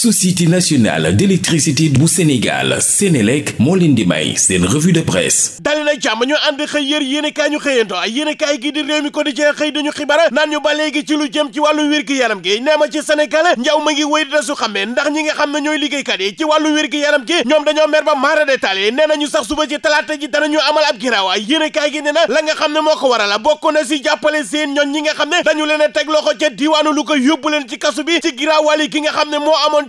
société nationale d'électricité bu Sénégal Sénélec moo leen di may seen revue de presse dali na jàmm ànd xëy yér yéenekaay ñu xëyanto yéenekaay gi di réew mi quotidien xëy dañu xibaar naan ñu ba léegi ci lu jëm ci wàllu wér-gi-yaram gi nee ma ci Sénégal njaw ma ngi wéy dina su ndax ñi nga xam ne ñooy liggéeykat yi ci wàllu wér-gi-yaram gi ñoom dañoo mer ba maara détaal yi nee nañu sax suba ci talaata ji danañu amal ab giraawa yéenekaay gi na nga xam ne moo ko bokk na si nga xam ne dañu leen teg loxo ca diwaanu lu ko yóbbu leen ci kasu bi ci giraawaal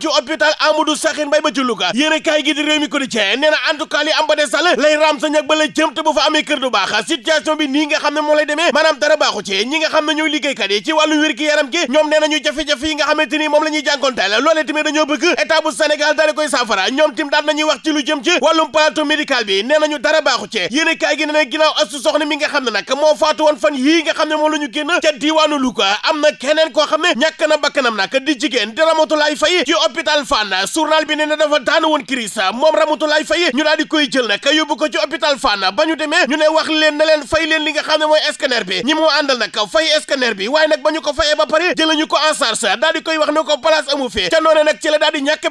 ci hôpital Amadou Sakhir Mbaye ba ci Louga yéen a kaay gi di réew mi ko di cee nee na en am ba des sal lay raam sa ñag ba la jëm te bu fa amee kër du baax situation bi nii nga xam ne moo lay demee maanaam dara baaxu ci ñi nga xam ne ñooy liggéeykat yi ci wàllu wér yaram gi ñoom nee nañu jafe-jafe yi nga xamante ni moom la ñuy jànkonteel loolee tamit dañoo bëgg état bu Sénégal daal koy saafara ñoom tim daal nañuy wax jëm ci wàllum plateau médical a kaay na xam ne nag moo faatu woon fan yii nga xam ne moom la am ne ñàkk na bakkanam nag di jigéen di Ramatulaay Fay hôpital Fann journal bi nee na dafa daan woon crise moom Ramatoulaye Faye ñu daal koy jël nag yóbbu ko ci hôpital Fann ba demee ñu ne wax leen na leen fay leen li nga xam ne mooy scanner bi ñi moo àndal nag fay scanner bi waaye nag ba ñu ko fayee ba pare jëlañu ko en charge daal di koy wax ne ko place amu fee ca noone nag ci la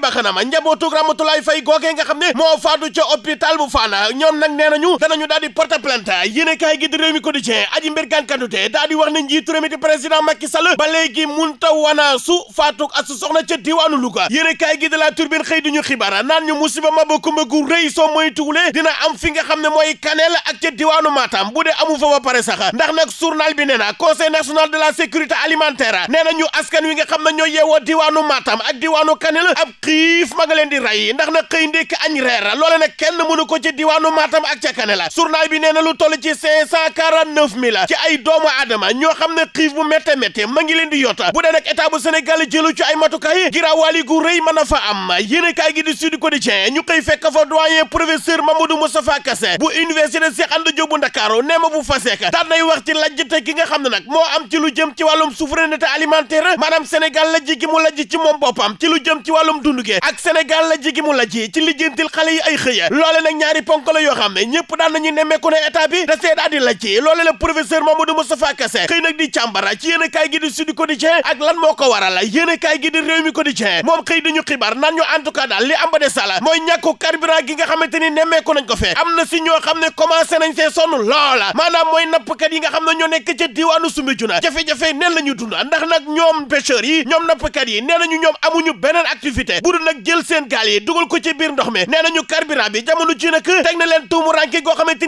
ba xanama njabootug Ramatoulaye Faye googee nga xam ne moo faatu ca hôpital bu Fann ñoom nag nee nañu danañu daal di porter plainte yéene kaay di réew mi quotidien aji mbir gànkandute daal di wax ne njiitu réew mi di président Macky Sall ba léegi munta wana yéene gi de la turbine xëy duñu xibaar naan ñu musiba ma ba kumba gu rëy soo mooy dina am fi nga xam ne mooy kaneel ak ca diwaanu maatam bu dee amu fa ba pare sax ndax na journal bi nee na conseil national de la sécurité alimentaire nee na ñu askan wi nga xam ne ñoo yeewoo diwaanu maatam ak diwaanu kaneel ab xiif ma leen di rey ndax nag xëy ndékk añ reer loole nag kenn nu ko ci diwaanu Matam ak ca kaneel journal bi nee lu toll ci cinq cent quarante neuf mille ci ay ñoo xam ne xiif bu métte métte ma ngi leen di yota bu dee nag état bu Sénégal jëlu ci ay matukaay bu rëy mën a fa am yéene kaay gi di Sud ñu koy fekk fa doyen professeur Mamadou Moustapha Kassé bu université Cheikh Anta Diop bu Ndakaaru nee ma bu faseek daan nay wax ci lajjte gi nga xam ne nag moo am ci lu jëm ci wàllum souveraineté alimentaire maanaam senegal la ji gi mu ci moom boppam ci lu jëm ci wàllum ak gi ak Sénégal la ji gi mu lajj ci lijjantil xale yi ay xëya loole nag ñaari ponk la yoo xam ne ñëpp daan nañu nemmeeku ne état bi da see daal di lajj loole la professeur Mamadou Moustapha Kassé kaay gi di Sud Quotidien lan moo ko waral yéene kaay gi di Rewmi xëy dañu xibaar naan ñu en tout li am ba mooy ñàkku carburant gi nga xamante ni nemmeeku nañ ko fee am na si ñoo xam ne commencé nañ see sonn loola maanaam mooy nappkat yi nga xam ne ñoo nekk ca diwaanu Soumbédioune jafe-jafe neen la ñu dund ndax nag ñoom pêcheurs yi ñoom nappkat yi nee nañu ñoom amuñu beneen activité bu dul nag seen gaal yi dugal ko biir ndox mi nee nañu carburant bi jamono ci nag teg na leen tuumu ranke goo xamante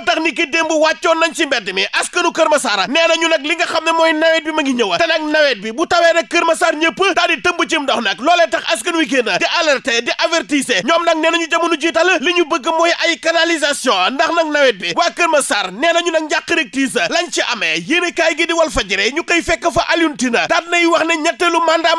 xam ne démb wàccoon nañ ci mbedd mi askanu Kër Masaara nee nañu nag li nga xam ne mooy nawet bi ma ngi ñëwa te nag nawet bi bu tawee rek Kër Masaar ñëpp tëmb ci ndox nag loolee tax askan wi génn di alerter di avertise ñoom nag nee nañu jamono jiital li ñu bëgg mooy ay canalisation ndax nag nawet bi waa Kër Masaar nee nag njàq rek tiis ci amee yéen kaay gi di Walf Fadjri ñu koy fekk fa Alioune Tine daal wax ne ñetteelu mandat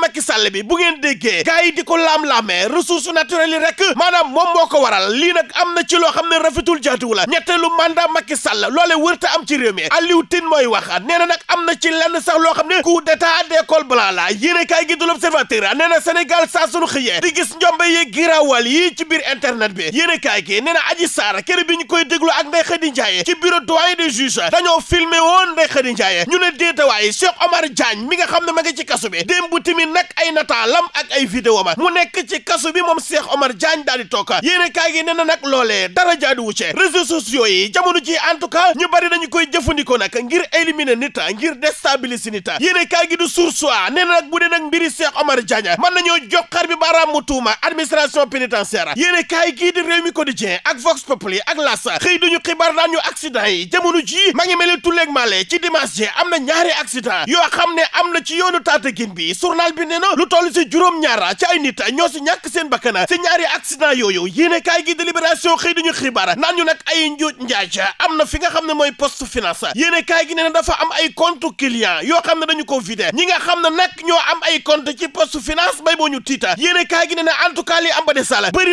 Macky Sall Sall loole wërta am ci réew mi Aliou Tine mooy wax nee na nag am na ci lenn sax loo xam ne coup d'état d'école blanc la yéene kaay gi du l'Observateur nee na Sénégal saa sunu xëyee di gis njombe yi girawal yi ci biir internet bi yéene kaay gi nee na Adji Sarr kër bi ñu koy déglu ak Ndeye Khady Ndiaye ci bureau doyen des juges dañoo filmé woon Ndeye Khady Ndiaye ñu ne déetawaay Cheikh Omar Diagne mi nga xam ne ma ngi ci kaso bi démb bu timit nag ay nataalam ak ay vidéo ma mu nekk ci kaso bi moom Cheikh Omar Diagne daal di toog yéene gi nee na nag loolee dara jaaduwu ci réseaux sociaux yi jamono en tout cas ñu bari koy jëfandikoo nag ngir éliminer nit ngir déstabiliser nit yéene kaay gi du source a nee na nag bu dee nag mbiri Cheikh Omar Diagne mën nañoo joxar bi baaraamu tuuma administration pénitentiaire yéene kaay gii di Rewmi Quotidien ak Vox Populi ak L'As xëy duñu xibaar daan ñu accident yi jamono ji ma ngi mel ni tulleeg maale ci dimanche ji am na ñaari accident yoo xam am na ci yoonu Tataguine bi journal bi nee na lu toll si juróom ñaara ci nit ñoo si ñàkk seen bakkan si ñaari accident yooyu yéene kaay gi di Libération xëy duñu xibaar naan ñu nag ay njuuj njaaj am n fi nga xam ne mooy poste finance yéen kaay gi nee na dafa am ay compte client yoo xam ne dañu ko vidé ñi nga xam ne nag ñoo am ay compte ci poste finance bay boo ñu tiita yéen kaa gi nee na en tout cas li am ba de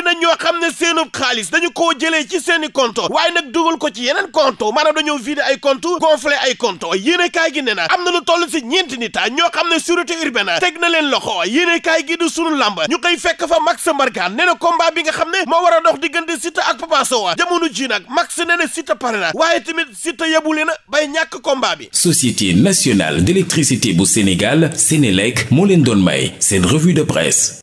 na ñoo xam ne seenub xaalis dañu ko jëlee ci seen i compte waaye nag dugal ko ci yeneen compte maanaam dañoo vidé ay compte gonflé ay compte yéen kaay gi nee am na lu toll si ñeenti nit ah ñoo xam ne sûreté na teg na leen loxo yéen kaay gi du sunu làmb ñu koy fekk fa Max Mbargane nee na combat bi nga xam ne moo war a dox diggante Siteu ak Papa Sow ah. jamono ji nag Max nee na Siteu pare na waaye tamit Siteu yebule na bay ñàkk combat bi. Société nationale d'électricité bu Sénégal Sénélec moo leen doon may seen revue de presse.